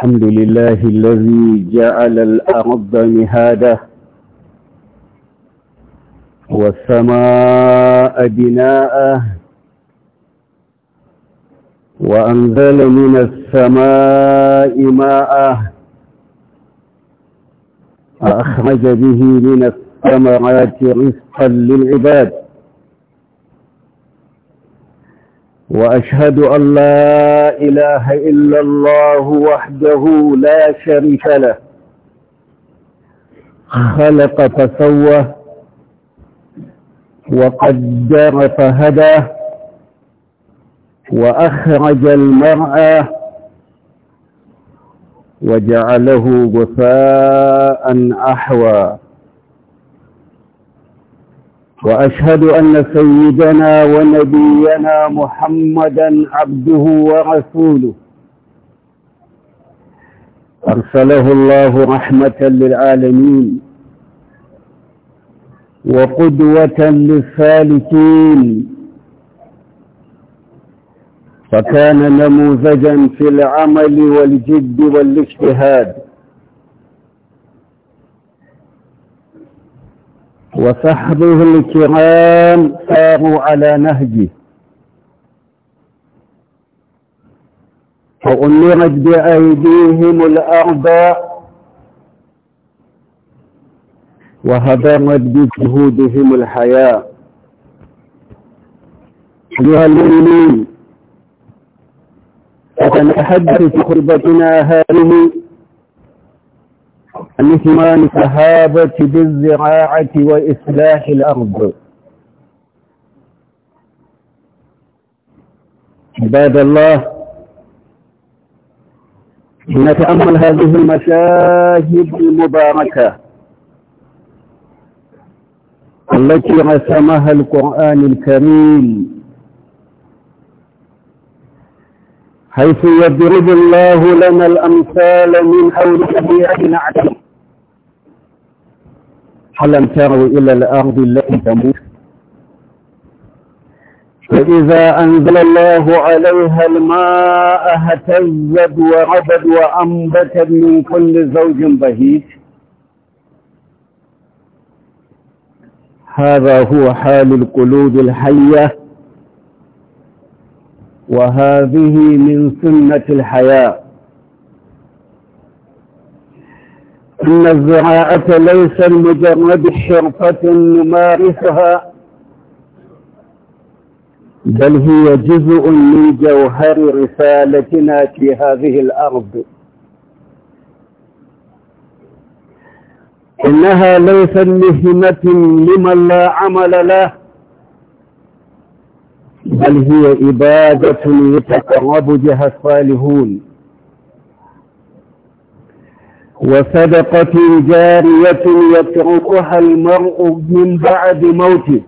الحمد لله الذي جعل الأرض مهادا والسماء بناء وأنزل من السماء ماء أخرج به من الثمرات رزقا للعباد وأشهد أن لا إله إلا الله وحده لا شريك له خلق فسوى وقدر فهدى وأخرج المرعى وجعله غثاء أحوى وأشهد أن سيدنا ونبينا محمدا عبده ورسوله أرسله الله رحمة للعالمين وقدوة للسالكين فكان نموذجا في العمل والجد والاجتهاد وصحبه الكرام ساروا على نهجه وأمرت بأيديهم الأرض وهدرت بجهودهم الحياة أيها المؤمنين أتنحدث في خطبتنا هذه الاهتمام كهابة بالزراعة وإصلاح الأرض عباد الله نتأمل هذه المشاهد المباركة التي رسمها القرآن الكريم حيث يضرب الله لنا الأمثال من حول طبيعتنا عدم ألم تروا إلى الأرض التي تموت فإذا أنزل الله عليها الماء اهتزت وربت وأنبتت من كل زوج بهيج هذا هو حال القلوب الحية وهذه من سنة الحياة إن الزراعة ليس مجرد شرفة نمارسها بل هي جزء من جوهر رسالتنا في هذه الأرض إنها ليست مهمة لمن لا عمل له بل هي إبادة يتقرب بها الصالحون وصدقة جارية يتركها المرء من بعد موته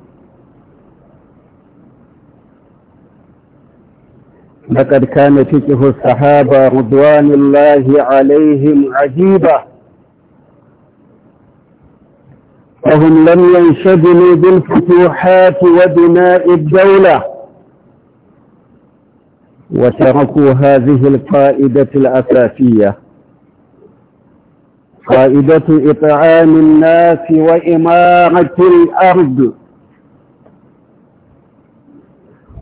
لقد كان فقه الصحابة رضوان الله عليهم عجيبا فهم لم ينشغلوا بالفتوحات وبناء الدولة وتركوا هذه القائدة الأساسية فائدة إطعام الناس وإمارة الأرض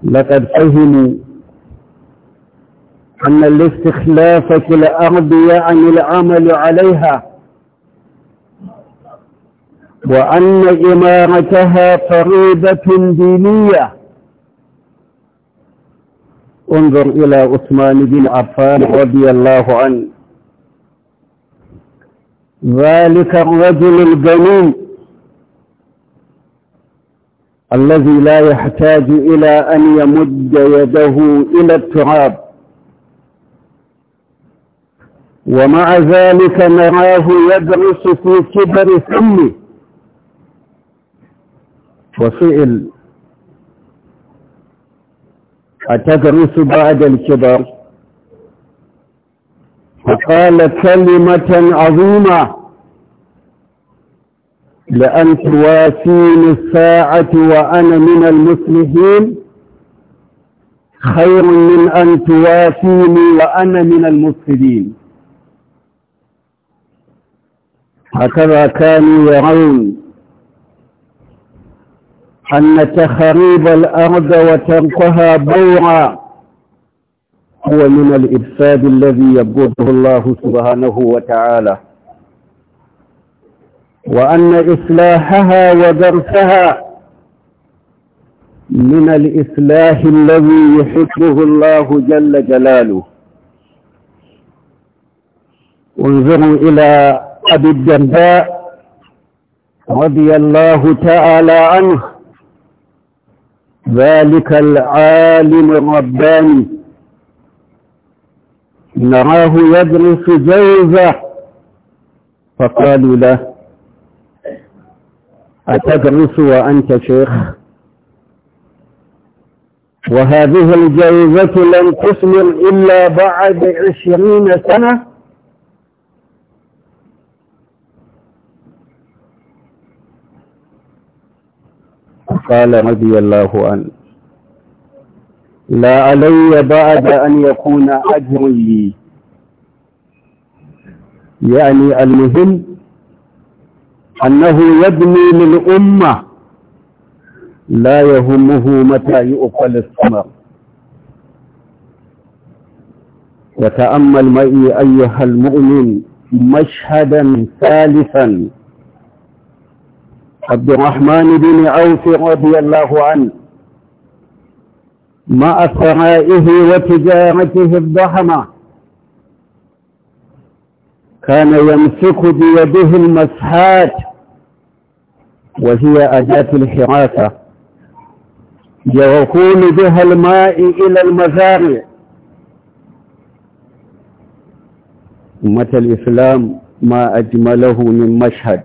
لقد فهموا أن الاستخلاف في الأرض يعني العمل عليها وأن إمارتها فريضة دينية انظر إلى عثمان بن عفان رضي الله عنه ذلك الرجل الغني الذي لا يحتاج إلى أن يمد يده إلى التراب ومع ذلك نراه يدرس في كبر فمه وسئل أتدرس بعد الكبر فقال كلمة عظيمة لأن تواسيني الساعة وأنا من المسلمين خير من أن تواسيني وأنا من المفسدين هكذا كانوا يرون أن تخريب الأرض وتركها بورا هو من الإفساد الذي يبغضه الله سبحانه وتعالى وأن إصلاحها ودرسها من الإصلاح الذي يحبه الله جل جلاله انظروا إلى أبي الدرداء رضي الله تعالى عنه ذلك العالم الرباني نراه يدرس جوزة فقالوا له أتدرس وأنت شيخ وهذه الجوزة لن تثمر إلا بعد عشرين سنة قال رضي الله عنه لا علي بعد أن يكون أجر لي يعني المهم أنه يبني للأمة لا يهمه متى يؤكل الثمر وتأمل معي أيها المؤمن مشهدا ثالثا عبد الرحمن بن عوف رضي الله عنه مع ثرائه وتجارته الضخمة كان يمسك بيده المسحات وهي أداة الحراسة يقول بها الماء إلى المزارع أمة الإسلام ما أجمله من مشهد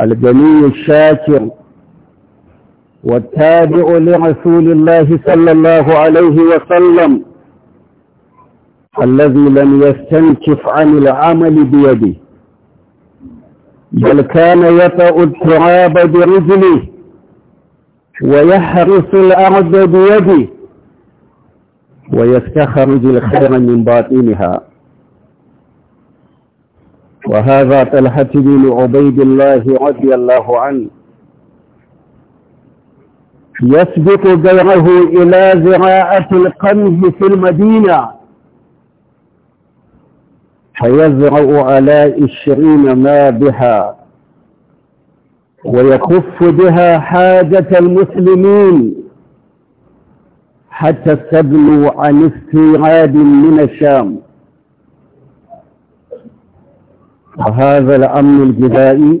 البني الشاكر والتابع لرسول الله صلى الله عليه وسلم الذي لم يستنكف عن العمل بيده بل كان يطأ التراب برجله ويحرس الأرض بيده ويستخرج الخير من باطنها وهذا طلحة بن عبيد الله رضي الله عنه يسبق بيعه إلى زراعة القمح في المدينة فيزرع على عشرين ما بها ويخف بها حاجة المسلمين حتى تبلو عن استيعاب من الشام وهذا الأمن الجزائي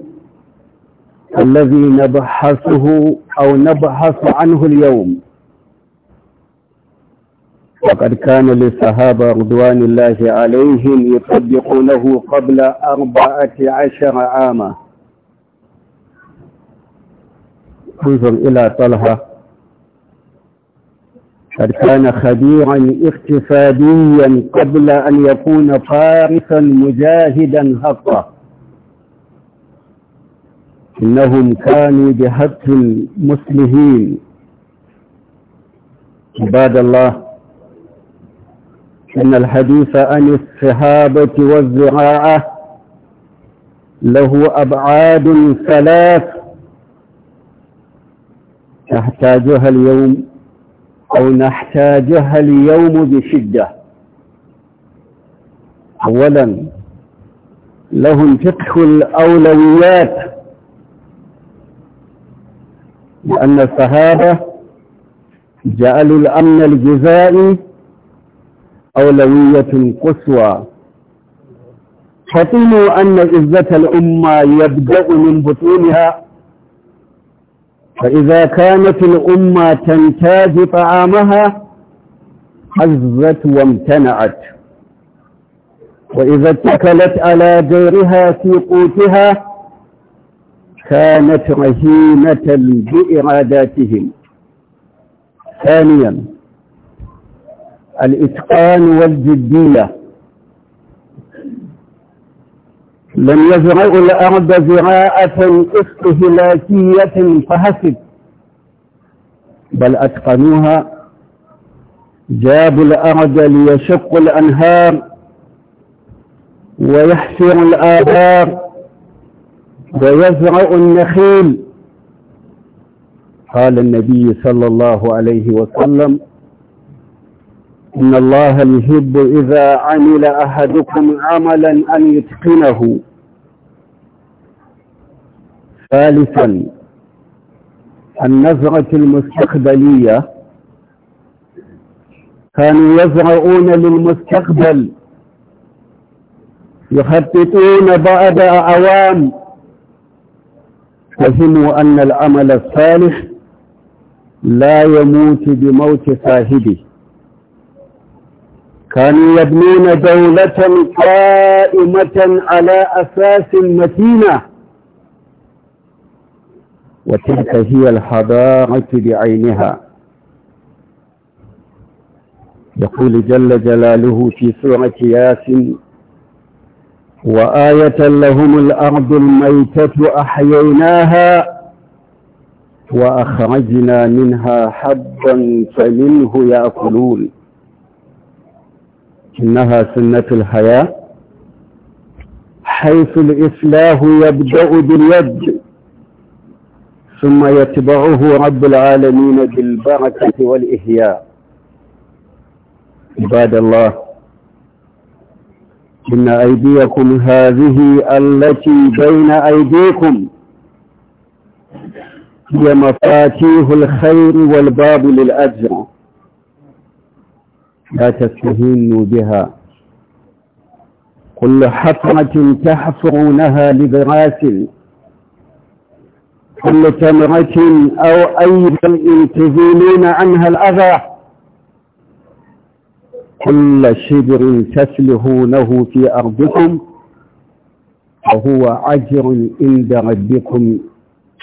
الذي نبحثه أو نبحث عنه اليوم وقد كان للصحابة رضوان الله عليهم يطبقونه قبل أربعة عشر عاما انظر إلى طلحة قد كان خبيرا اقتصاديا قبل أن يكون فارسا مجاهدا حقا إنهم كانوا بهدف المسلمين عباد الله إن الحديث عن الصحابة والزراعة له أبعاد ثلاث نحتاجها اليوم أو نحتاجها اليوم بشدة أولا لهم فقه الأولويات لأن الصحابة جعلوا الأمن الجزائي أولوية قصوى فطنوا أن عزة الأمة يبدأ من بطونها فإذا كانت الأمة تنتاج طعامها حزت وامتنعت وإذا اتكلت على دورها في قوتها كانت رهينة بإراداتهم ثانيا الإتقان والجدية لم يزرعوا الأرض زراعة استهلاكية فحسب بل أتقنوها جابوا الأرض ليشقوا الأنهار ويحسروا الآبار ويزرع النخيل قال النبي صلى الله عليه وسلم إن الله يحب إذا عمل أحدكم عملا أن يتقنه ثالثا النزرة المستقبلية كانوا يزرعون للمستقبل يخططون بعد أعوام فهموا أن العمل الصالح لا يموت بموت صاحبه كانوا يبنون دولة قائمة على أساس متينة وتلك هي الحضارة بعينها يقول جل جلاله في سورة ياسين وآية لهم الأرض الميتة أحييناها وأخرجنا منها حبا فمنه يأكلون إنها سنة الحياة حيث الإفلاه يبدأ باليد ثم يتبعه رب العالمين بالبركة والإحياء عباد الله إن أيديكم هذه التي بين أيديكم هي مفاتيح الخير والباب للأجر لا تستهينوا بها كل حفرة تحفرونها لبراس كل تمرة أو أي بل تزيلون عنها الأذى كل شبر تسلهونه في أرضكم وهو عجر عند ربكم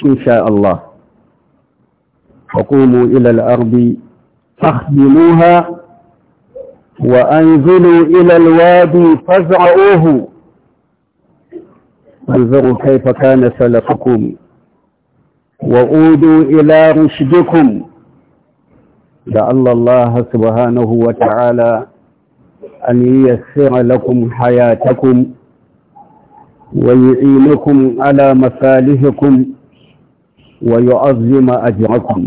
إن شاء الله فقوموا إلى الأرض فاخدموها وأنزلوا إلى الوادي فازرعوه انظروا كيف كان سلفكم وأودوا إلى رشدكم لعل الله سبحانه وتعالى أن ييسر لكم حياتكم ويعينكم على مصالحكم ويعظم أجركم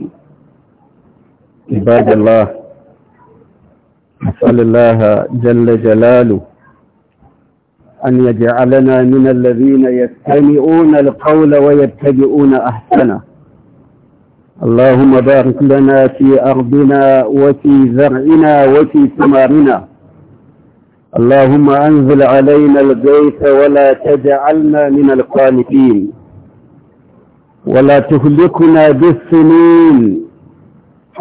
عباد الله أسأل الله جل جلاله أن يجعلنا من الذين يستمعون القول ويتبعون أحسنه اللهم بارك لنا في أرضنا وفي زرعنا وفي ثمارنا اللهم أنزل علينا الغيث ولا تجعلنا من القانتين ولا تهلكنا بالسنين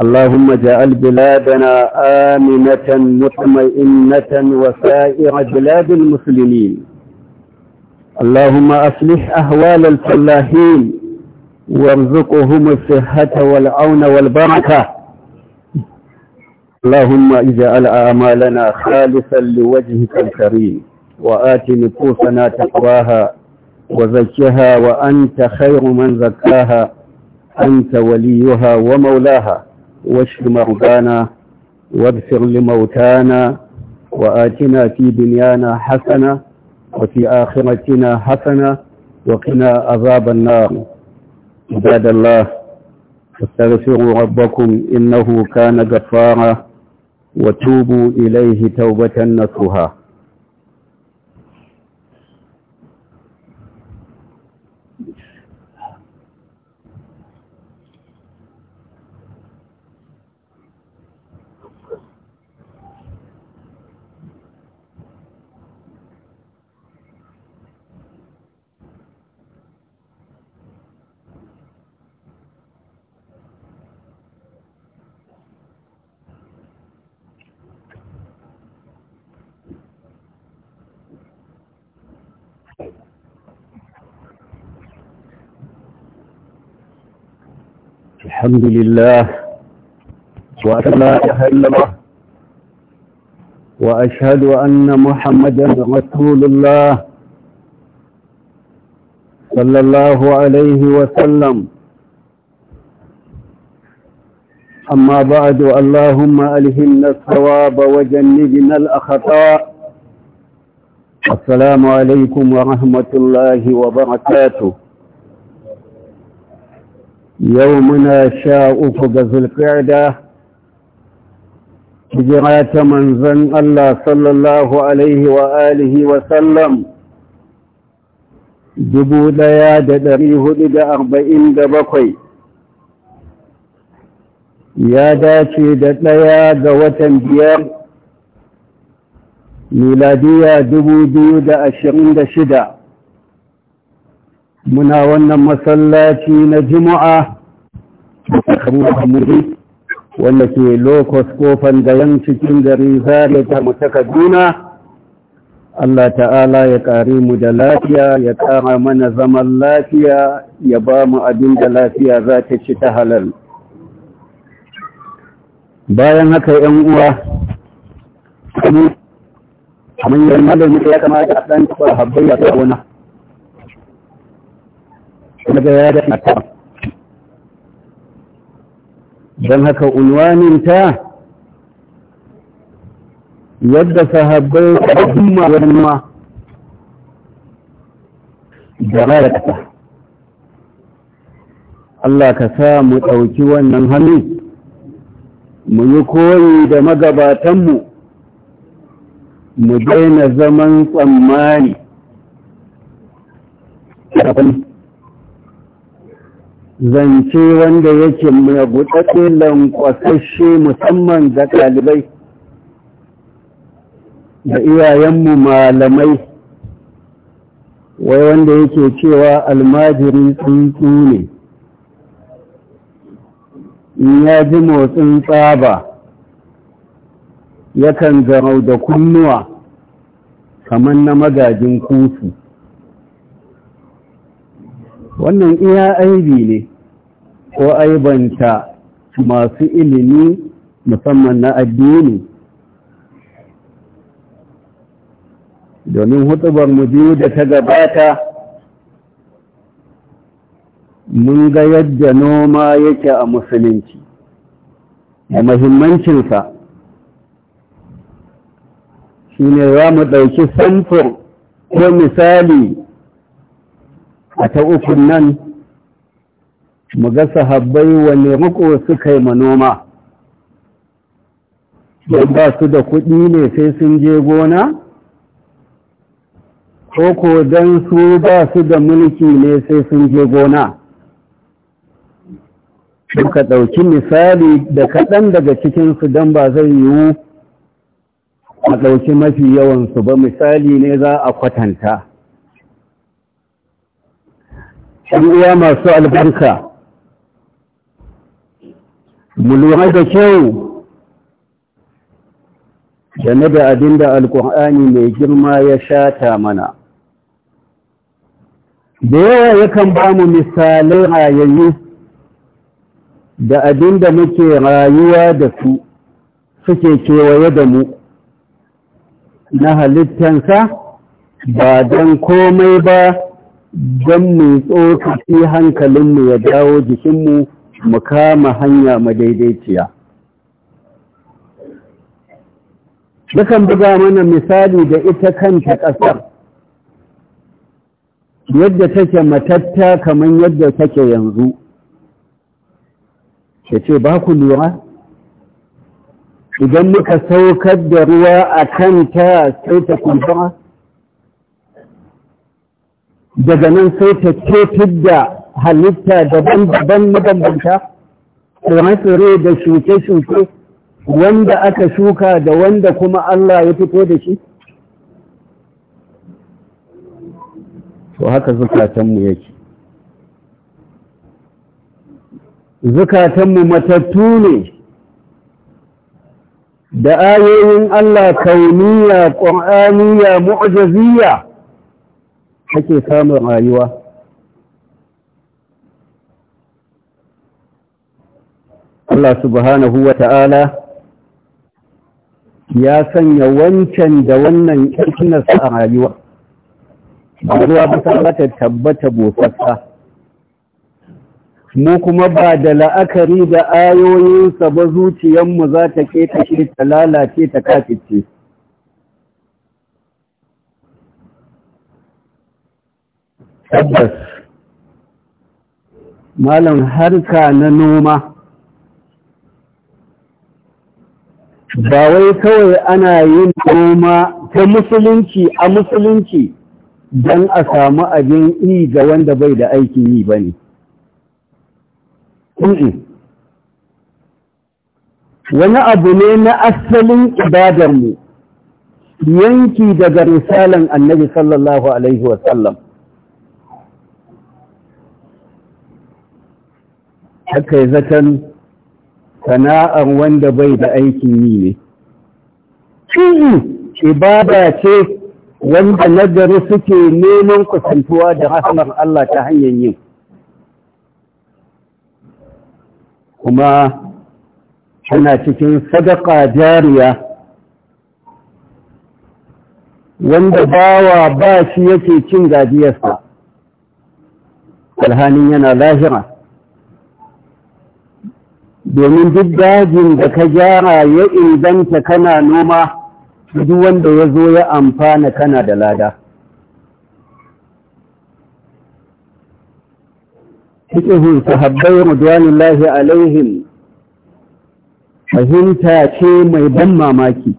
اللهم اجعل بلادنا آمنة مطمئنة وسائر بلاد المسلمين اللهم أصلح أهوال الفلاحين وارزقهم الصحة والعون والبركة اللهم اجعل أعمالنا خالصا لوجهك الكريم وآت نفوسنا تقواها وزكها وأنت خير من زكاها أنت وليها ومولاها واشف مرضانا واغفر لموتانا وآتنا في دنيانا حسنة وفي آخرتنا حسنة وقنا عذاب النار عباد الله استغفروا ربكم إنه كان غفارا وتوبوا إليه توبة نصوها الحمد لله وأشهد لا إله إلا الله وأشهد أن محمدا رسول الله صلى الله عليه وسلم أما بعد اللهم ألهمنا الصواب وجنبنا الأخطاء السلام عليكم ورحمة الله وبركاته yau muna sha uku ga zulƙarda hijira ta manzan Allah sallallahu alaihi wa alihi wa sallam dubu ɗaya da ɗari hudu da arba'in da bakwai ya dace da ɗaya ga watan biyar miladiya dubu biyu da ashirin da shida muna wannan masallaci na juma'a wanda ke lokos kofan gayan cikin gari zare ta mu ta kaduna Allah ta'ala ya ƙari mu da lafiya ya ƙara mana zaman lafiya ya ba mu abin da lafiya za ta ci ta halal bayan haka yan uwa kamar yin malamin ya kamata a ɗan taɓa habbai ta daga ya da ta don haka unwanin ta yadda sahabbai kuma wani ma da da ƙasa Allah ka sa mu ɗauki wannan hannu mu yi koyi da magabatanmu mu daina zaman tsammani zance wanda yake magudaɗe lankwasashe musamman ga ɗalibai da iyayenmu malamai wai wanda yake cewa almajiri tsuntsu ne in ya ji motsin tsaba yakan zarau da kunnuwa kamar na magajin kusu wannan iya aibi ne ko aibanta masu ilimi musamman na addini domin hutubar mu biyu da ta gabata mun ga yadda noma yake a musulunci da mahimmancinsa shi ne za mu ɗauki samfur ko misali a ta ukun nan mu ga sahabbai wani riko suka yi manoma don ba su da kuɗi ne sai sun je gona ko ko don su ba su da mulki ne sai sun je gona suka ɗauki misali da kaɗan daga cikinsu don ba zai yiwu a ɗauki mafi yawansu ba misali ne za a kwatanta. uwa masu albarka mu lura da kyau game da abin da alkur'ani mai girma ya shata mana da yawa yakan ba mu misalai rayayyu da abin da muke rayuwa da su suke kewaye da mu na halittansa ba don komai ba don mai tsokaci hankalinmu ya dawo jikinmu mu kama hanya madaidaiciya dukan buga mana misali da ita kanta ƙasar yadda take matatta kamar yadda take yanzu ya ce ba ku lura idan muka saukar da ruwa a kanta sai ta kumfa daga nan sai ta ce da halitta daban-daban mabambanta tsire-tsire da shuke-shuke wanda aka shuka da wanda kuma Allah ya fito da shi to haka zukatanmu yake zukatanmu matattu ne da ayoyin Allah kauniya ƙwa'aniya mu'jaziyya ake samun rayuwa Allah subhanahu wa ta'ala ya sanya wancan da wannan ƙarfinarsa a rayuwa ba ruwa ba ta tabbata bosassa mu kuma ba da la'akari da ayoyinsa ba zuciyanmu za ta ƙetashe ta lalace ta kafice tabbas malam harka na noma ba wai kawai ana yin noma ta musulunci a musulunci don a samu abin yi ga wanda bai da aikin yi ba ne. Wani abu ne na asalin ibadarmu yanki daga risalan annabi sallallahu Alaihi wasallam. Haka yi zaton sana'ar wanda bai da aikin yi ne ibada ce wanda nagari suke neman kusantuwa da rahmar Allah ta hanyar yin kuma tana cikin sadaka jariya wanda bawa ba shi yake cin gajiyarsa alhanin yana lahira domin duk dajin da ka gyara ya inganta kana noma duk wanda ya zo ya amfana kana da lada cikin sahabbai radiyallahu alaihim fahimta ce mai ban mamaki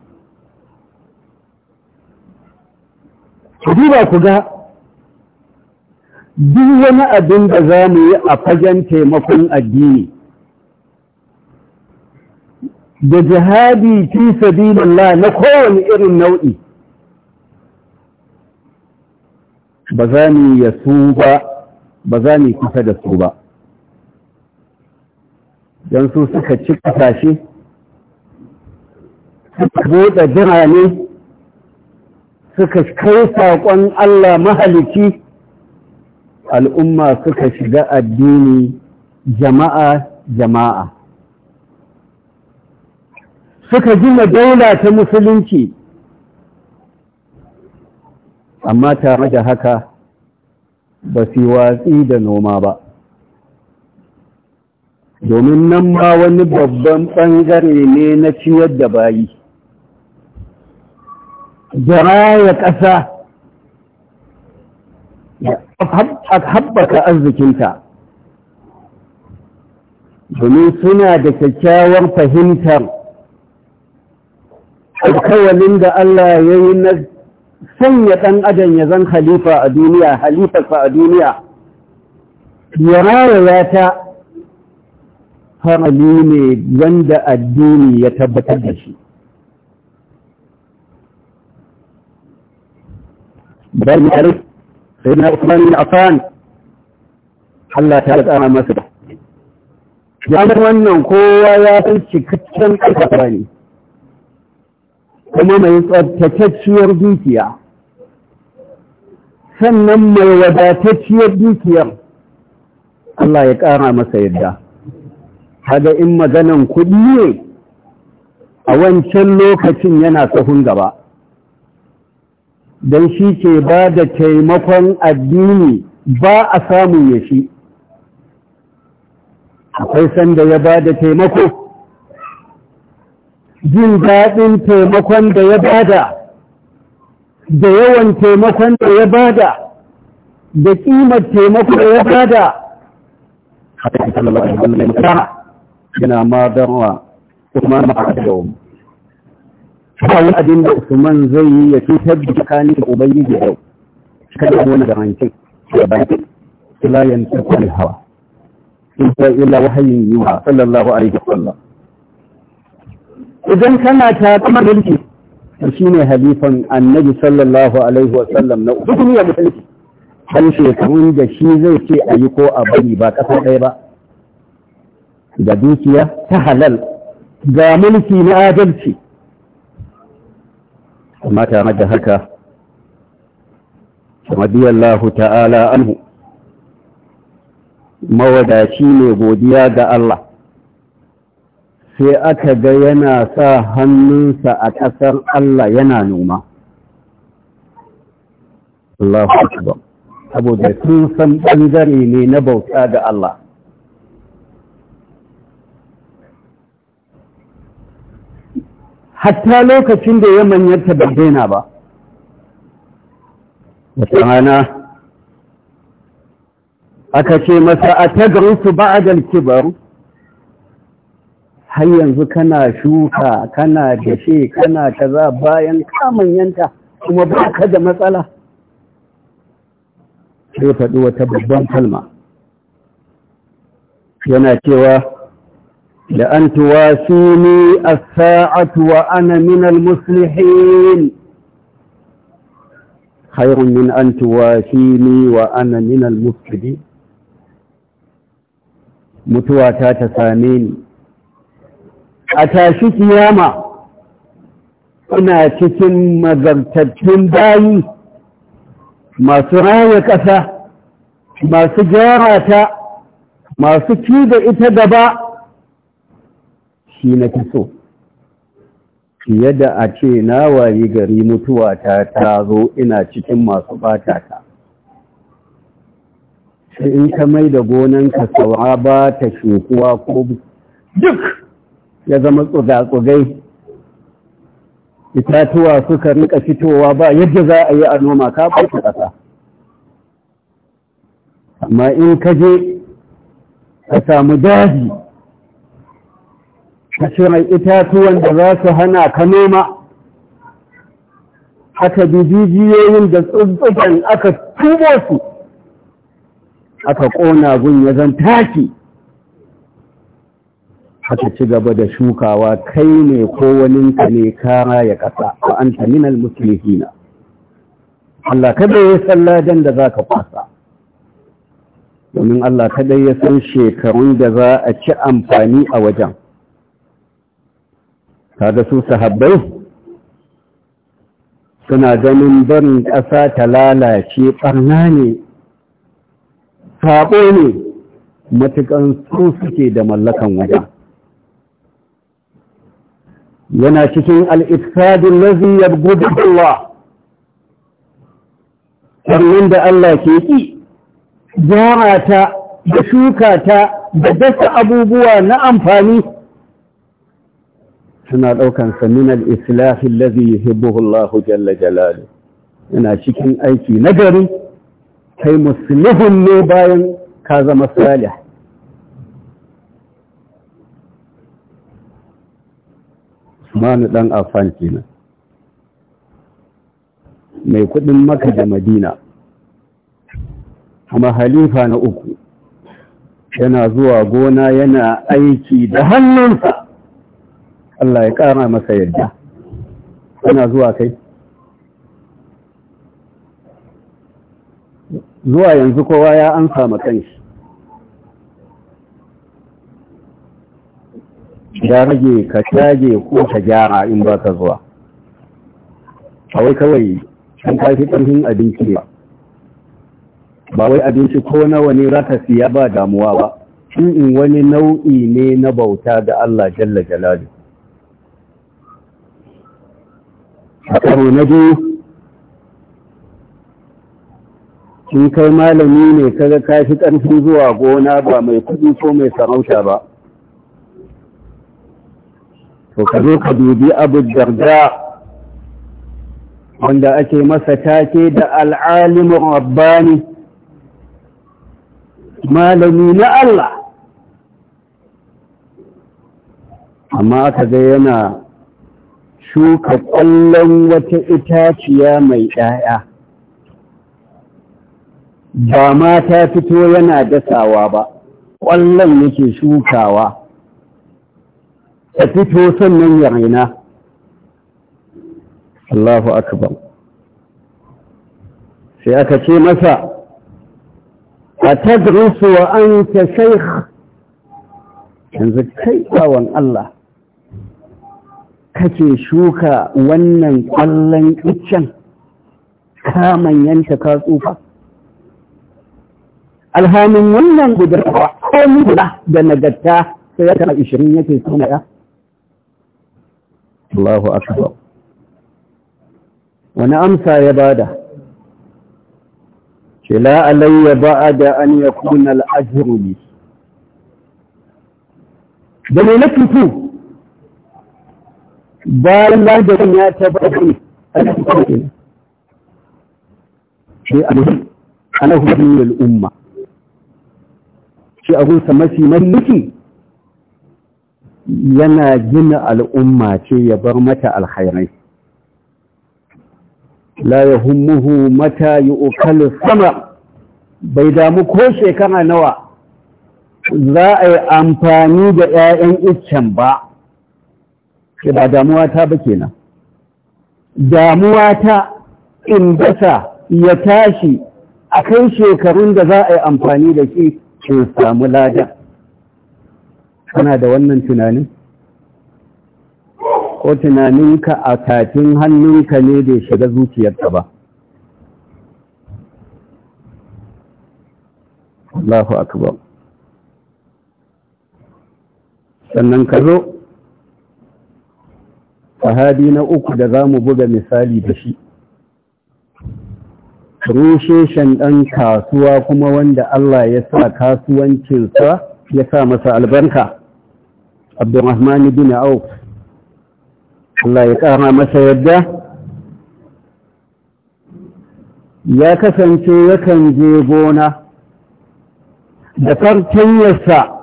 duba ku ga duk wani abin da za mu yi a fagen taimakon addini da jihadi fi sabilillah na kowane irin nau'i ba za ni ya su ba ba za ni kusa da su ba don su suka ci kasashe suka jira birane suka kai saƙon Allah mahaliki al'umma suka shiga addini jama'a jama'a suka gina daula ta musulunci amma tare da haka ba su watsi da noma ba domin nan ma wani babban ɓangare ne na ciyar da bayi ya ƙasa a haɓaka arzikinta domin suna da kyakkyawar fahimtar alkawalin da Allah ya yi na sanya ɗan adam ya zan halifa a duniya halifarsa a duniya ya raraya ta harami ne wanda addini ya tabbatar da shi bayan yare sai na usman afan Allah ta tsara masa da ya wannan kowa ya san cikakken ƙarfafa ne kuma mai tsabtatacciyar dukiya sannan mai wadatacciyar dukiyar Allah ya ƙara masa yadda haga in maganan kuɗi ne a wancan lokacin yana tsahun gaba don shi ke ba da taimakon addini ba a samun ya shi akwai sanda ya ba da taimako jin daɗin taimakon da ya bada da yawan taimakon da ya bada da ƙimar taimakon da ya bada haɗin sallallahu alaihi wasallam yana ma darwa Usman ma'adawum kawai abin da Usman zai yi ya cutar da tsakanin da Ubangiji yau da wani da rancin da baki la yantaku hawa in ta illa wahayin yuha sallallahu alaihi wasallam idan kana ta kuma mulki shi ne halifan annabi sallallahu alaihi wa sallam na uku, ya mulki har shekarun da shi zai ce a yi ko a bari ba kasa ɗaya ba da dukiya ta halal ga mulki na adalci amma tare da haka radiyallahu ta'ala anhu mawadaci ne godiya ga Allah sai aka ga yana sa hannunsa a ƙasar Allah yana noma Allahu akbar saboda sun san ɓangare ne na bauta ga Allah hatta lokacin da ya manyanta bai daina ba wata aka ce masa a tagarinsu ba a ba. har yanzu kana shuka kana dashe kana kaza bayan kamun yanta, kuma ba ka da matsala sai faɗi wata babban kalma yana cewa da an ne a saatu wa ana minal muslihin khairun min an ne wa ana minal mutuwa ta ta same ni a tashi kiyama ina cikin magartattun bayi masu raya ƙasa masu gyara ta masu ci da ita gaba shi na fi fiye da a ce na wayi gari mutuwa ta zo ina cikin masu bata ta sai in ka mai da gonanka sau'a ba ta shukuwa ko duk ya zama tsuga-tsugai itatuwa suka rika fitowa ba yadda za a yi a noma ka ɓarki ƙasa amma in ka je ka samu daji ka shirya itatuwan da za su hana ka noma aka jijiyoyin da tsuntsukan aka tubo su aka ƙona gun ya zan taki haka ci gaba da shukawa kai ne ko waninka ne kara ya ƙasa wa an ta minal musulihina Allah kada ya san ladan da za ka kwasa domin Allah kada ya san shekarun da za a ci amfani a wajen ga su sahabbai suna ganin barin ƙasa ta lalace ɓarna ne saɓo ne matuƙan su suke da mallakan wajen yana cikin al'ifsadin lazi ya gudu Allah sannan da Allah ke ƙi gyara ta da shuka ta da dasa abubuwa na amfani suna ɗaukan samin al'islahin lazi ya Allah jalla jalali yana cikin aiki nagari kai musulmihun ne bayan ka zama salih Usmanu ɗan Affan kenan mai kuɗin maka da madina kuma halifa na uku yana zuwa gona yana aiki da hannunsa Allah ya ƙara masa yadda yana zuwa kai zuwa yanzu kowa ya ansa makanshi ya rage ka caje ko ka gyara in ba ka zuwa kawai kawai an kafi ƙarfin abinci ba ba wai abinci ko nawa ne za ka siya ba damuwa ba in wani nau'i ne na bauta ga Allah jalla jalali a karo na biyu in kai malami ne kaga kafi ƙarfin zuwa gona ba mai kuɗi ko mai sarauta ba to ka zo ka dubi abu darda wanda ake masa take da al'alimin rabbani malami na Allah amma aka ga yana shuka ƙwallon wata itaciya mai ɗaya ba ma ta fito yana dasawa ba ƙwallon yake shukawa ya fito sannan ya raina Allahu akbar sai aka ce masa a tadrusu wa an ta shaikh yanzu kai tsawon Allah kake shuka wannan ƙwallon iccen ka manyanta ka tsufa alhamin wannan gudurwa ko guda da nagarta sai ya tana ishirin yake suna ya Allahu akbar wani amsa ya bada ce la alayya ba'da an yakuna da ne nake ku bayan ba ya tabbata ne ana kuma shi al'umma shi mafi malliki yana gina al'umma ce ya bar mata alhairai la ya hummuhu mata yi sama bai damu ko shekara nawa za a yi amfani da ‘ya'yan iccen ba ke ba damuwa ta ba kenan damuwa ta in dasa ya tashi a kan shekarun da za a yi amfani da shi ke samu ladan kana da wannan tunanin ko tunaninka a tafin hannunka ne bai shiga zuciyarka ba Allahu akbar sannan ka zo sahabi na uku da za mu buga misali da shi rushe ɗan kasuwa kuma wanda Allah ya sa kasuwancinsa ya sa masa albarka عبد bin auf عوف Allah ya ƙara masa yadda ya kasance yakan je gona da fartanyarsa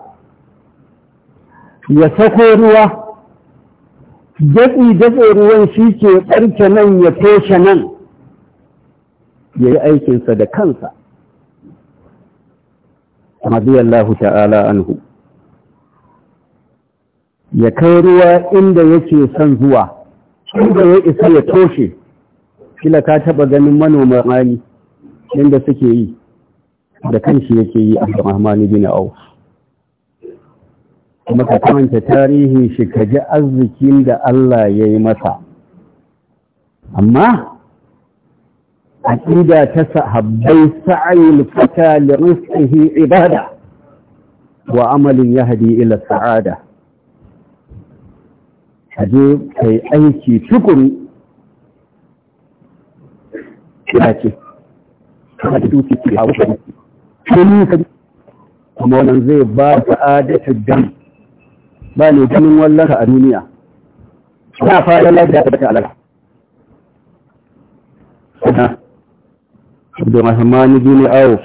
ya sako ruwa datsi-datsi ruwan shi ke ɓarke nan ya toshe nan ya yi aikinsa da kansa radiyallahu ta'ala anhu ya kai ruwa inda yake son zuwa inda ya isa ya toshe kila ka taba ganin manoman rani inda suke yi da kanshi yake yi a abdurrahman bin auf kuma ka karanta tarihin shi ka ji arzikin da Allah ya yi masa amma a ƙida ta sahabbai sa'ayin fata da rufin ibada wa amalin yahdi ila sa'ada ka je ka yi aiki tukuru ya ce ka ji duki ki hawa ka kuma ka kuma wannan zai ba ka adata dan ba ne ganin wallaka a duniya ina da lafiya ta bata alaka da mahimmani bin awo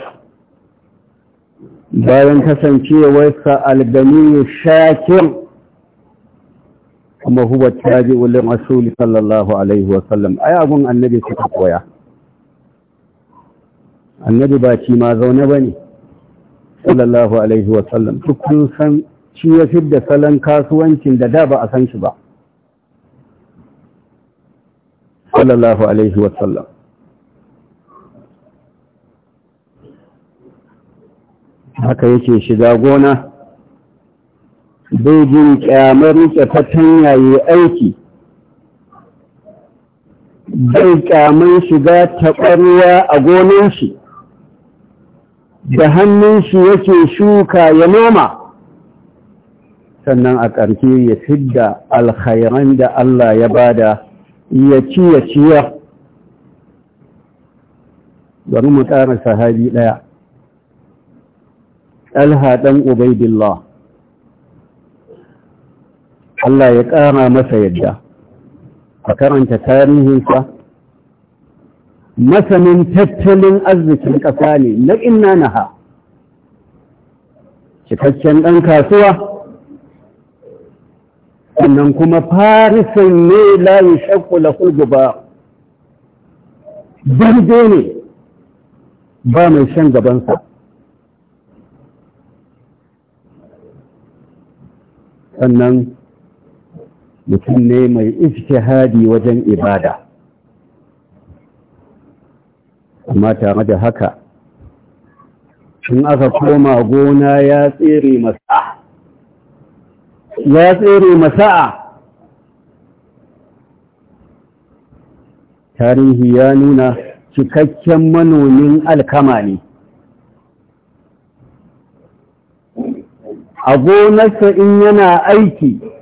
bayan kasancewarsa albani shakir kuma huwa tabi'u lin rasul sallallahu alaihi wa sallam ai abun annabi suka koya annabi ba shi ma zaune bane sallallahu alaihi wa sallam duk kun san shi ya fidda salon kasuwancin da da ba a san shi ba sallallahu alaihi wa sallam haka yake shiga gona bai jin kyamar rike aiki bai kyaman shiga taɓarwa a gonan shi da hannun shi yake shuka ya noma sannan a ƙarfi ya fidda alkhairan da Allah ya bada ya ci ya ciya bari mu ƙara sahabi ɗaya ɗalha ɗan ubaidillah Allah ya ƙara masa yadda a karanta tarihinsa masanin tattalin arzikin ƙasa ne na inna na ha cikakken ɗan kasuwa sannan kuma farisan ne layi shakula hulgu ba barde ne ba mai shan gabansa sannan mutum ne mai hadi wajen ibada amma tare da haka in aka koma gona ya tsere masa'a ya tsere masa'a tarihi ya nuna cikakken manomin alkama ne a gonarsa in yana aiki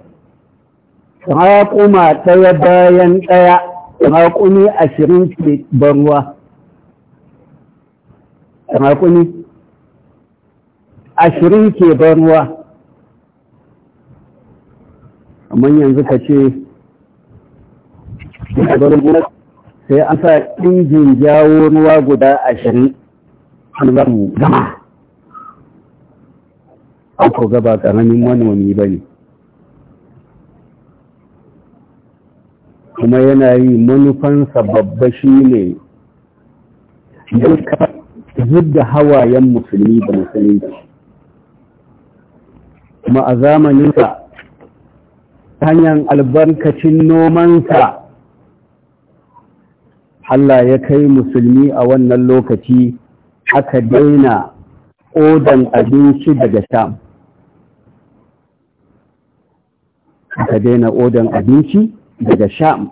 raƙuma ɗaya bayan ɗaya raƙuni ashirin ke barwa raƙuni ashirin ke barwa amma yanzu ka ce sai an sa injin jawo ruwa guda ashirin an zamu gama. ko gaba ƙaramin manomi ba ne. kuma yana yi manufansa babba shi ne da zidda hawayen musulmi da musulunci kuma a zamaninsa hanyar albarkacin nomansa Allah ya kai musulmi a wannan lokaci aka daina odan abinci daga sham aka daina odan abinci daga sham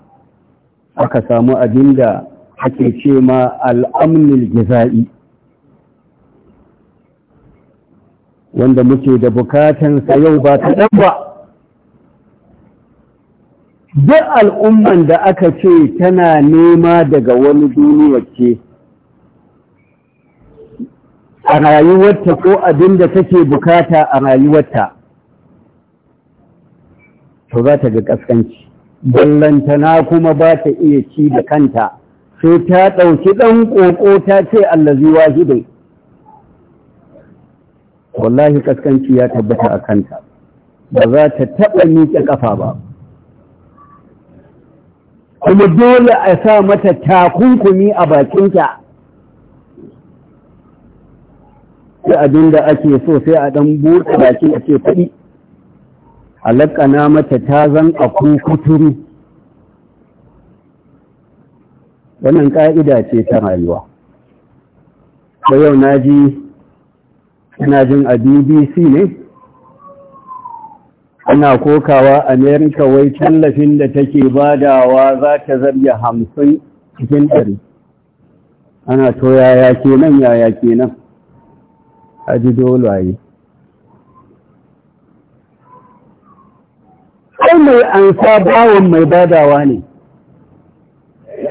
aka samu abin da ake ce ma al'amnil giza'i wanda muke da bukatansa yau ba ta ɗan ba duk al'umman da aka ce tana nema daga wani duniya ce a rayuwarta ko abin da take bukata a rayuwarta to za ta ga ƙasƙanci ballantana kuma ba ta iya ci da kanta sai ta ɗauki ɗan ƙoƙo ta ce allazi wahidin wallahi kaskanci ya tabbata a kanta ba za ta taɓa miƙe ƙafa ba kuma dole a sa mata takunkumi a bakinta sai abin da ake so sai a ɗan buɗe baki a ce faɗi alaƙana mata ta zan a kuturu wannan ƙa'ida ce ta rayuwa ko yau na ji ina jin a bbc ne ana kokawa america wai tallafin da take badawa za ta zarya hamsin cikin ɗari ana to yaya kenan yaya kenan a ji dolaye kai mai ansa bawon mai badawa ne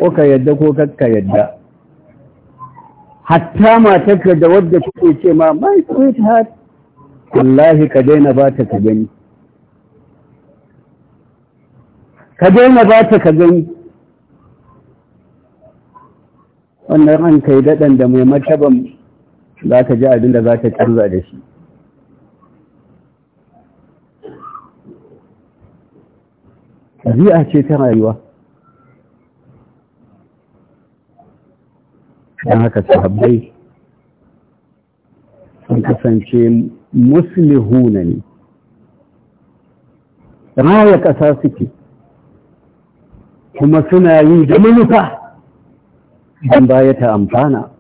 ko ka yadda ko kakka yadda hatta matarka da wadda kuke ce ma my sweetheart wallahi ka daina ba ta ka gani ka daina ba ta ka gani wannan an kai daɗan da mai mataban za ka ji abin da za ta canza da shi ɗabi'a ce ta rayuwa don haka sahabbai sun kasance muslihuna ne raya ƙasa suke kuma suna yi da manufa don baya ta amfana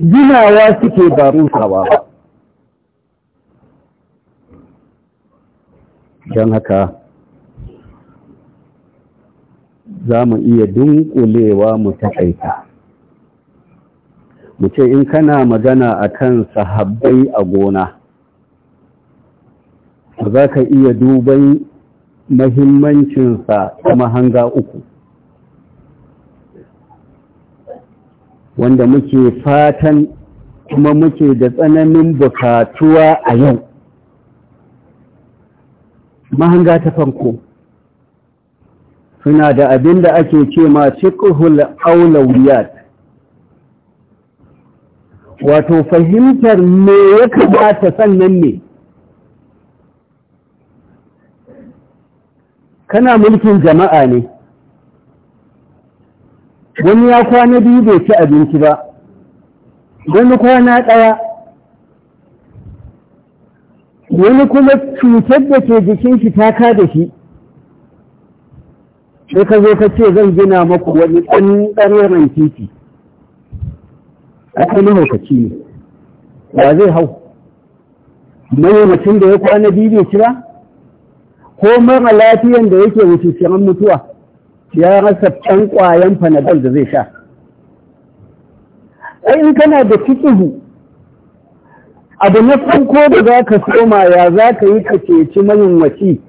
ginawa suke ba rusawa don haka za mu iya dunkulewa mu taƙaita mu ce in kana magana a kan sahabbai a gona za ka iya duban mahimmancinsa ta mahanga uku wanda muke fatan kuma muke da tsananin bukatuwa a yau mahanga ta farko suna da abin da ake ce ma cikuhul aulawiyat wato fahimtar me ya kamata sannan ne kana mulkin jama'a ne wani ya kwana biyu bai ci abinci ba wani kwana ɗaya wani kuma cutar da ke jikin shi ta ka da shi sai ka zo ka ce zan gina maku wani ɗan titi a kan mahaukaci ne ba zai hau mai mutum da ya kwana biyu bai ko mara lafiyan da yake wuce siran mutuwa ya rasa ɗan ƙwayan fanadol da zai sha ai in kana da fikihu abu na farko da za ka soma ya za ka yi ka ceci mayunwaci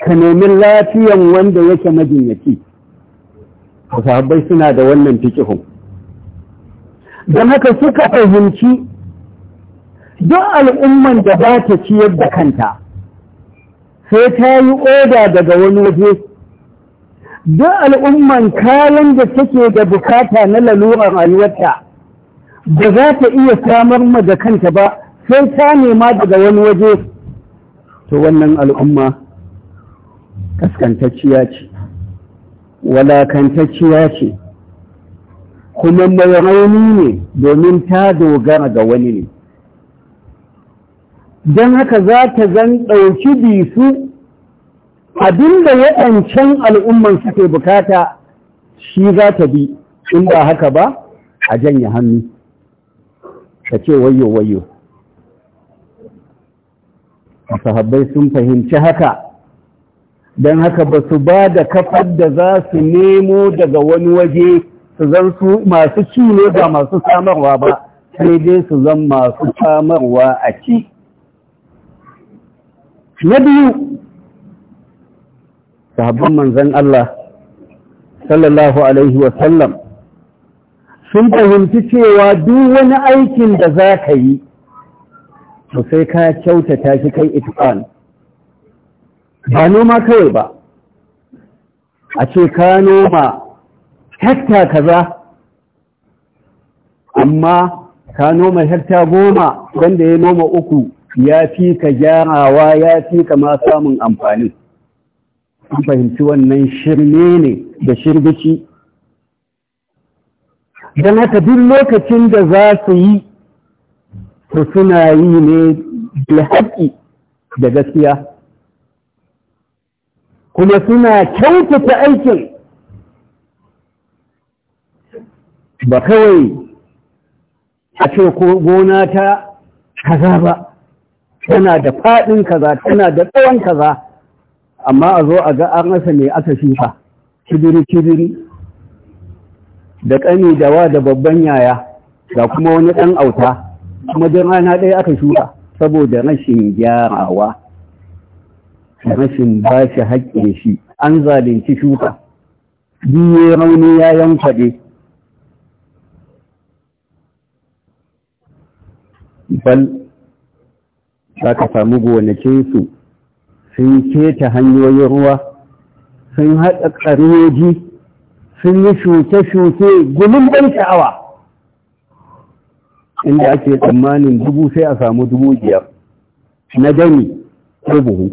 ka nemi lafiyan wanda yake majinyaci sahabbai suna da wannan tikihun don haka suka fahimci duk al'umman da ba ta ciyar da kanta sai ta yi oda daga wani waje duk al'umman kayan da take da bukata na laluran alwata ba za ta iya samar ma da kanta ba sai ta nema daga wani waje to wannan al'umma kaskantacciya ce walakantacciya ce kuma mai rauni ne domin ta dogara ga wani ne don haka za ta zan ɗauki bisu abinda waɗancan al'umman suke bukata shi za ta bi in ba haka ba a janye hannu ka ce wayo wayo sahabbai sun fahimci haka don haka ba su ba da kafar da za su nemo daga wani waje su zan su masu ci ne ba masu samarwa ba sai dai su zan masu samarwa a ci na biyu sahabban manzan Allah sallallahu alaihi wasallam sun fahimci cewa duk wani aikin da za ka yi to sai ka kyautata shi kai itqan ba noma kawai ba a ce ka noma hekta kaza amma ka noma hekta goma wanda ya noma uku ya fi ka gyarawa ya fi ka ma samun amfani an fahimci wannan shirme ne da shirgici. don haka duk lokacin da za su yi su suna yi ne da haƙi da gaskiya kuma suna kyautata aikin ba kawai a ce ko gona ta kaza ba tana da faɗin kaza tana da tsawon kaza amma a zo a ga an rasa mai aka shuka kibiri-kibiri da ƙani da wa da babban yaya ga kuma wani ɗan auta kuma don rana ɗaya aka shuka saboda rashin gyarawa rashin ba shi haƙƙe shi an zalunci shuka biye rauni ya yankwaɗe bal za ka samu gonakinsu sun keta hanyoyin ruwa sun haɗa ƙaroji sun yi shuke-shuke gulun ban sha'awa inda ake tsammanin dubu sai a samu dubu biyar na gani ko buhu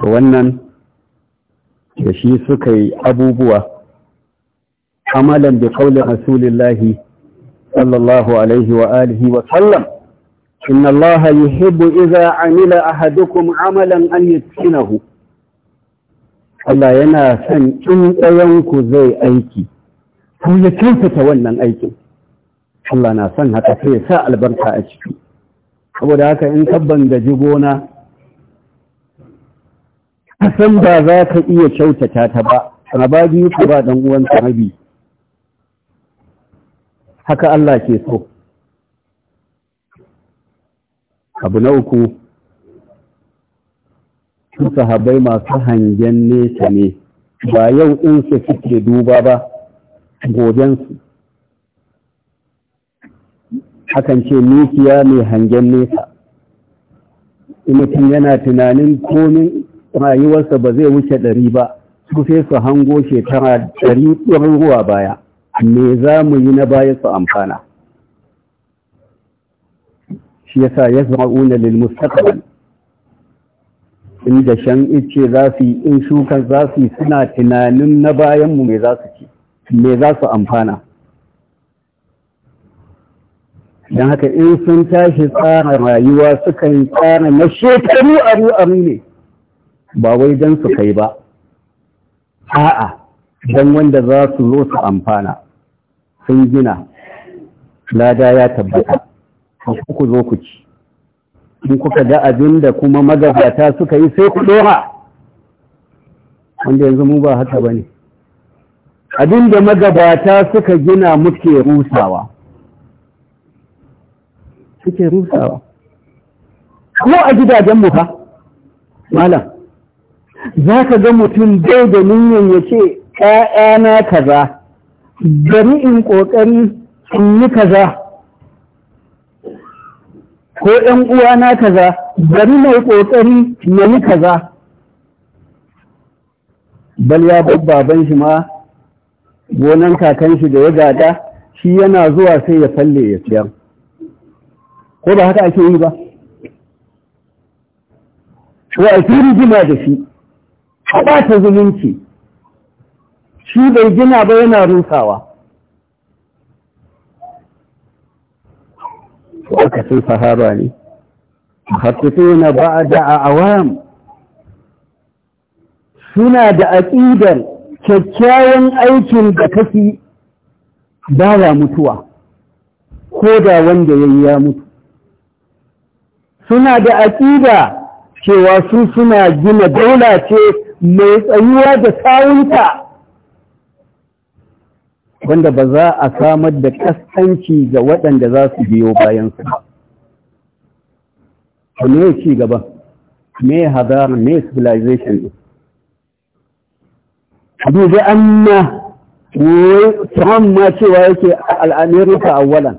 to wannan da shi suka yi abubuwa amalan da qawli rasulillahi sallallahu alaihi wa alihi wa sallam inna Allah yuhibbu idza amila ahadukum amalan an yatkinahu Allah yana son in ɗayan ku zai aiki ko ya kyautata wannan aikin Allah na son haka sai ya sa albarka a ciki saboda haka in da gaji gona kasan ba za ka iya kyautata ta ba raba biyu ka ba don uwan rabi haka Allah ke so abu na uku su sahabai masu hangen nesa ne ba yau in su suke duba ba gobensu hakan ce mikiya mai hangen nesa in mutum yana tunanin komin rayuwarsa ba zai wuce ɗari ba su sai su hango shekara ɗari ɗin ruwa baya me za mu yi na baya su amfana shi yasa ya una lil mustaqbal inda shan ice za su yi in shukar za su yi suna tunanin na bayanmu me za su ci me za su amfana don haka in sun tashi tsara rayuwa sukan tsara na shekaru aru aru ne ba wai don su kai ba a'a don wanda za su zo su amfana sun gina lada ya tabbata kuku zo ku ci in kuka ga abin da kuma magabata suka yi sai ku doha wanda yanzu mu ba haka ba ne abin da magabata suka gina muke rusawa suke rusawa ko a gidajenmu fa malam za ka ga mutum dai da niyan ya ce ‘ya'yana kaza gari in ƙoƙari in yi kaza ko ‘yan uwana kaza gari mai ƙoƙari ya yi kaza bal ya babban shi ma gonan kakan shi da ya gada shi yana zuwa sai ya falle ya siyar ko ba haka ake yi ba wa a fi da shi a ta zumunci shi bai gina ba yana rusawa aka sun sahara ne haƙƙutuna ba da a awam suna da aƙidar kyakkyawan aikin da kafi baya mutuwa ko da wanda ya yi ya mutu suna da aƙida cewa su suna gina daula ce mai tsayuwa da tsawunta wanda ba za a samar da kasanci ga waɗanda za su biyo bayansu ba. ne ci gaba, me hadar, me civilization ɗin. Abu da an ma, Trump ma cewa yake al'amirka awwalan,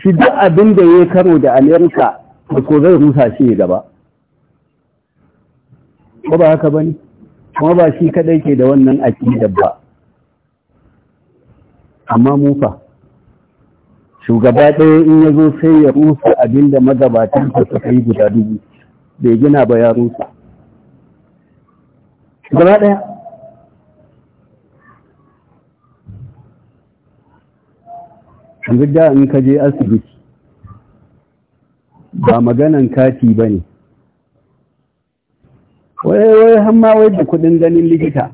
shi duk abin da ya karo da Amerika, ko zai rusa shi gaba. ko ba haka bane kuma ba shi kadai ke da wannan aqida ba amma mu fa shugaba ɗaya in ya zo sai ya rusa abinda magabatan ka suka yi guda dubu bai gina ba ya rusa shugaba ɗaya shugaba in ka je asibiti ba maganan kati ba ne wai wai hamma ma wai da kudin ganin likita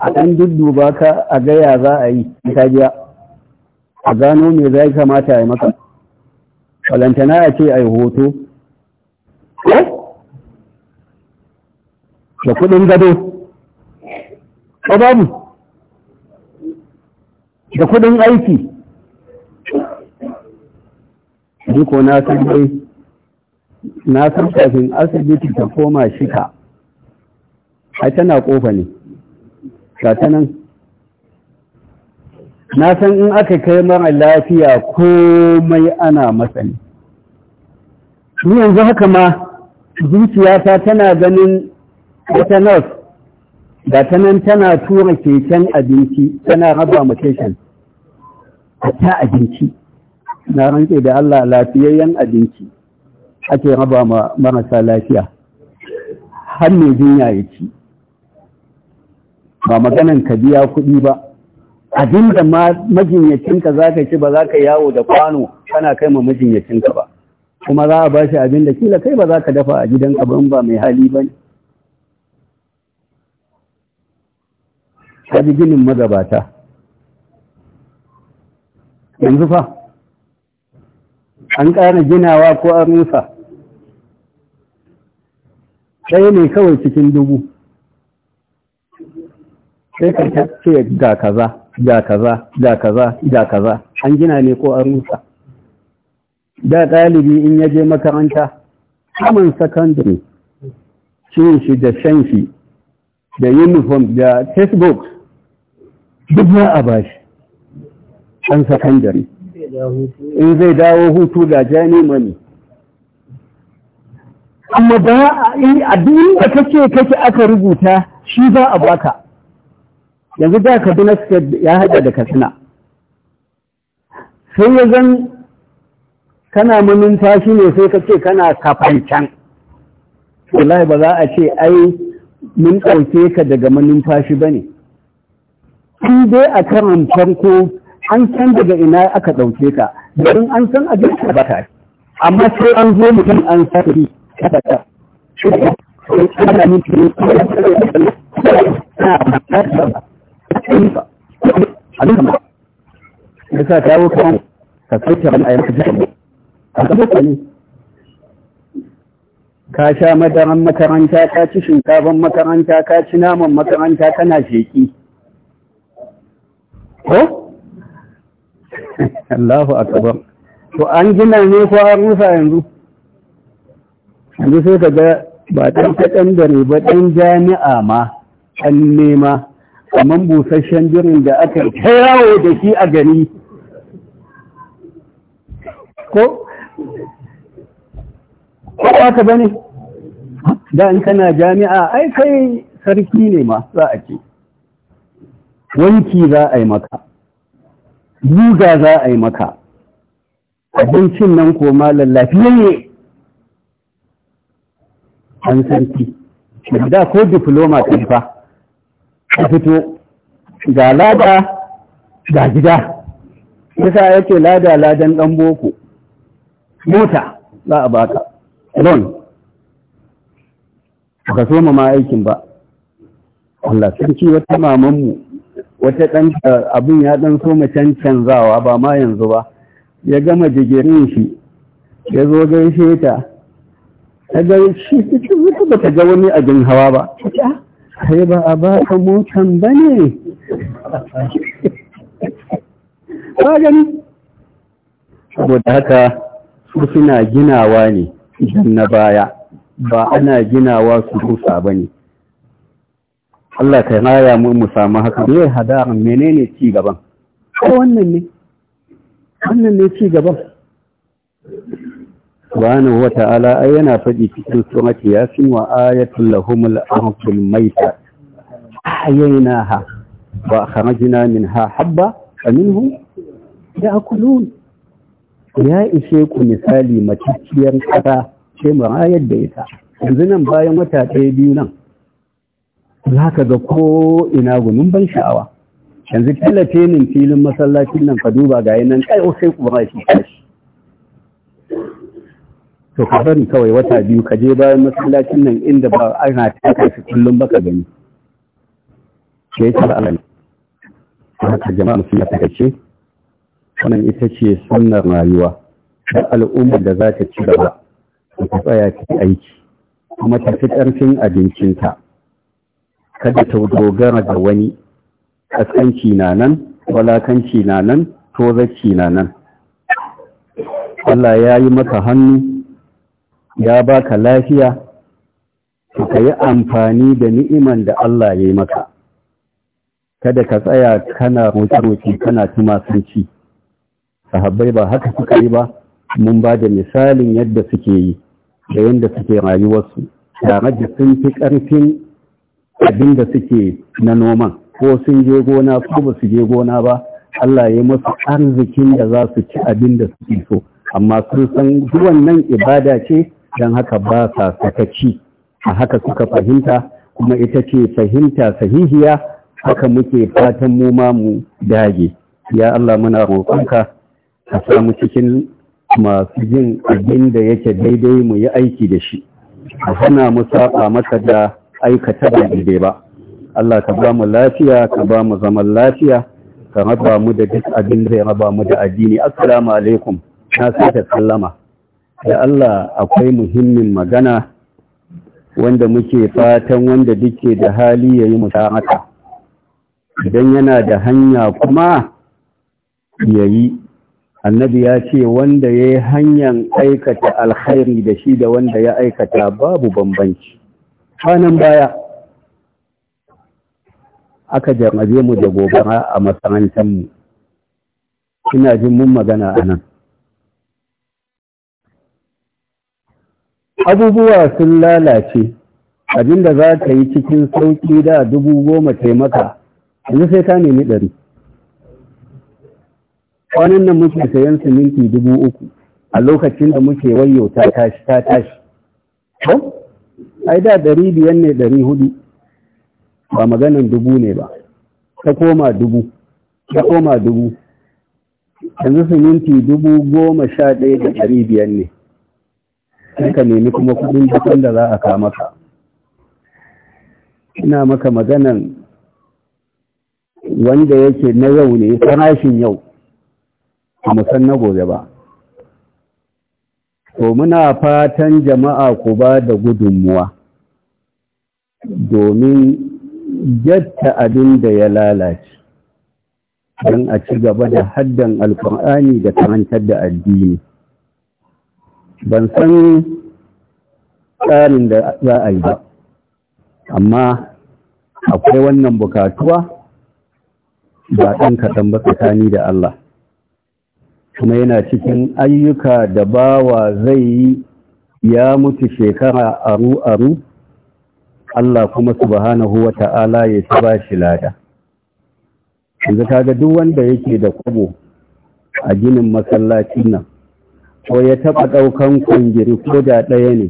a ɗan dudduba ka a gaya za a yi ta biya a gano me za kamata a yi maka falantana a ce a yi hoto da kudin gado ko babu da kudin aiki ni ko na san dai na san kafin asibiti ta koma shika ai tana kofa ne ga ta nan na san in aka kai mara lafiya komai ana matsani ni yanzu haka ma zuciyata tana ganin wata nas da ta nan tana tura keken abinci tana raba mutation a ta abinci na rantse da Allah lafiyayyen abinci ake raba ma marasa lafiya har mai jinya ya ci ba maganan ka biya kuɗi ba Abinda da majinyacinka za ka ci ba za ka yawo da kwano kana kai ma majinyacinka ba kuma za a ba shi abin kila kai ba za ka dafa a gidanka ba ba mai hali ba ne kaji ginin magabata yanzu fa an ƙara ginawa ko an rusa ɗaya ne kawai cikin dubu sai ka ce ga kaza ga kaza ga kaza ga kaza an gina ne ko an rusa da ɗalibi in ya je makaranta kamar sakandare cin shi da shan shi da uniform da textbook duk ya a ba shi. an sakandare in zai dawo hutu da jani mani amma ba a duniya kake kake aka rubuta shi za a baka yanzu da kaduna state ya haɗa da katsina sai ya zan kana fashi ne sai ka ce kana kafancan wallahi ba za a ce ai mun ɗauke ka daga fashi ba ne in dai a karan farko an san daga ina aka ɗauke ka domin an san a jirka ba ta amma sai an zo mutum an sake kada ta shi ne ana nufin ka ne ka sha madaran makaranta ka ci shinkafan makaranta ka ci naman makaranta kana sheki ko Allahu akabar to an gina ne ko an rusa yanzu yanzu sai ka ga ba ɗan kaɗan ɗan ne ba ɗan jami'a ma ɗan nema kamar busasshen birin da aka ta yawo da shi a gani. ko ko ka bane da in kana jami'a ai kai sarki ne ma za a ce wanki za a yi maka guga za a yi maka abincin nan ko malam ne an sarki da ko diploma yi fa ka fito ga lada ga gida yasa yake lada ladan dan boko mota za a baka loan ka so ma aikin ba Allah sarki wata mamanmu wata dan eh, abin ya dan so mu ba ma yanzu ba ya gama jigirin shi ya zo gaishe ta ta ga shi ta ta ga wani abin hawa ba ah, sai ba a ba ka motan ba ne ba gani saboda haka su suna ginawa ne idan na baya ba ana ginawa su rusa ba ne Allah kai raya mu mu samu haka ne hadarin menene ci gaban ko wannan ne wannan ne ci gaban subhanahu wa ta'ala ai yana faɗi cikin surati yasin wa ayatul lahumul ardul maita ahyaynaha wa kharajna minha habba fa minhum ya'kulun ya ishe ku misali maciciyar kasa ce mu ayar da ita yanzu nan bayan wata ɗaya biyu nan za ka ga ko ina gumin ban sha'awa yanzu tallafe min filin masallacin nan ka duba ga nan kai sai ku ba shi to ka bari kawai wata biyu ka je bayan masallacin nan inda ba ana taka shi kullum baka gani ke yi al'ala ne haka jama'a musulma ta kace wannan ita ce sunnar rayuwa da al'umma da za ta ci gaba ta tsaya ta aiki kuma ta fi ƙarfin abincinta kada ta dogara da wani kaskanci na nan walakanci na nan zaki na nan Allah ya yi maka hannu ya baka lafiya ka yi amfani da ni'iman da Allah ya yi maka kada ka tsaya kana roƙe-roƙe kana tumasanci sahabbai ba haka suka yi ba mun ba da misalin yadda suke yi da yadda suke rayuwarsu tare da sun fi ƙarfin abin da suke na noman ko sun je gona ko ba su je gona ba Allah ya masu arzikin da za su ci abin da suke so amma sun san nan ibada ce don haka ba sa sakaci a haka suka fahimta kuma ita ce fahimta sahihiya haka muke fatan mu ma mu dage ya Allah muna roƙonka a samu cikin masu jin abin da yake daidai mu yi aiki da shi a hana mu saba masa da aikata ba daidai ba Allah ka ba mu lafiya ka ba mu zaman lafiya ka raba mu da duk abin da ya raba mu da addini assalamu alaikum na sai ta sallama Ya Allah akwai muhimmin magana wanda muke fatan wanda duke da hali ya yi musamata idan yana da hanya kuma ya yi annabi ya ce wanda ya yi hanyar aikata alkhairi da shi da wanda ya aikata babu bambanci kwanan baya aka jarmaje mu da gobara a mu. ina jin mun magana a nan abubuwa sun lalace abinda za ka yi cikin sauƙi da dubu goma taimaka yanzu sai ka nemi ɗari kwanan nan muke sayan siminti dubu uku a lokacin da muke wayo ta tashi ta tashi ko ai da ɗari biyan ne ɗari hudu ba maganin dubu ne ba ta koma dubu ta koma dubu yanzu siminti dubu goma sha ɗaya da ɗari biyan ne ka nemi kuma kudin dukkan da za a ka ina maka maganan wanda yake na yau ne farashin yau a musan na gobe ba to muna fatan jama'a ku ba da gudunmuwa domin jatta abin da ya lalace don a ci gaba da haddan alkur'ani da karantar da addini ban san tsarin da za a yi ba amma akwai wannan bukatuwa ba ɗan kaɗan ba tsakani da Allah kuma yana cikin ayyuka da bawa zai yi ya mutu shekara aru-aru Allah kuma subhanahu wa ta'ala ya ci ba shi lada yanzu ta ga duk wanda yake da kwabo a ginin masallacin nan ko ya taɓa ɗaukan kwangiri ko da ɗaya ne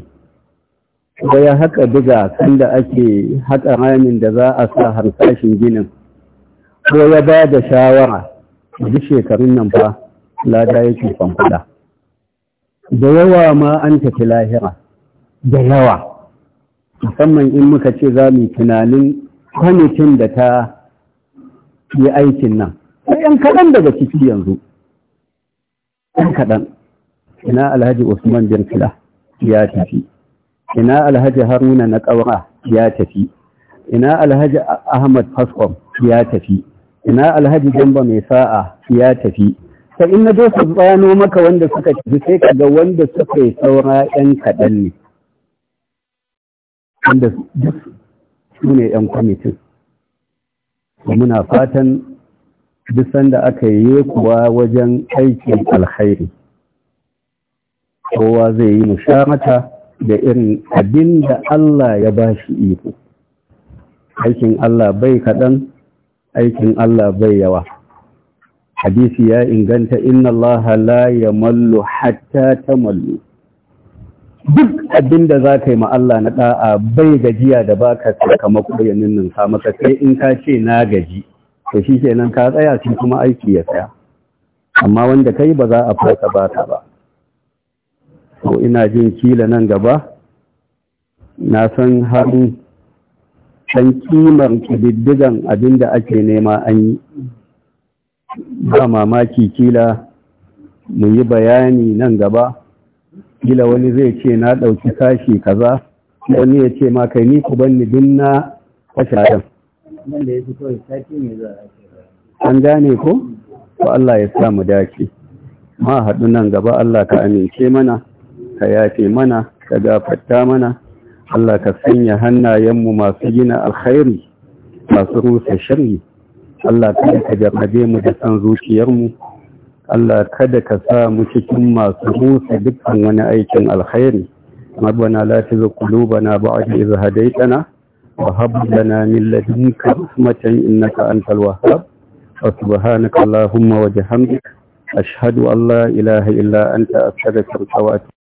ko ya haƙa diga kan da ake haƙa ramin da za a sa harsashin ginin ko ya ba da shawara duk shekarun nan fa lada yake kwamfada da yawa ma an tafi lahira da yawa musamman in muka ce za mu tunanin kwamitin da ta yi aikin nan sai yan kaɗan daga ciki yanzu yan kaɗan ina alhaji usman bin fila ya tafi ina alhaji haruna na ƙaura ya tafi ina alhaji ahmad faskom ya tafi ina alhaji jamba mai sa'a ya tafi sai in na dosa bayano maka wanda suka tafi sai ka ga wanda suka yi saura yan kaɗan ne wanda duk su ne yan kwamitin muna fatan duk sanda aka yi kuwa wajen aikin alkhairi kowa zai yi musharata da irin abin da Allah ya ba shi iko aikin Allah bai kaɗan aikin Allah bai yawa hadisi ya inganta inna Allah la ya mallu, hatta ta mallu. duk abin da za ka yi Allah na ɗa'a bai gajiya da ba ka sakamako ya ninninka masa sai in ka ce na gaji to shi kenan ka tsaya shi kuma aiki ya tsaya amma wanda kai ba za a farka ba ta ba ko ina jin kila nan gaba na san har can kimar kididdigan abin da ake nema an yi ba mamaki kila mu yi bayani nan gaba kila wani zai ce na ɗauki sashi kaza wani ya ce ma kai ni ku banni din na kashayen an gane ko? ko Allah ya samu mu dace ma haɗu nan gaba Allah ka amince mana ka yafe mana ka gafata mana Allah ka sanya hannayenmu masu gina alkhairi masu rusa shirri Allah kada ka jarrabe mu da san zuciyarmu Allah kada ka sa mu cikin masu rusa dukkan wani aikin alkhairi rabbana la tuzigh qulubana ba'da idh hadaytana wa hab lana min ladunka rahmatan innaka antal wahhab subhanaka allahumma wa bihamdika ashhadu an la ilaha illa anta astaghfiruka wa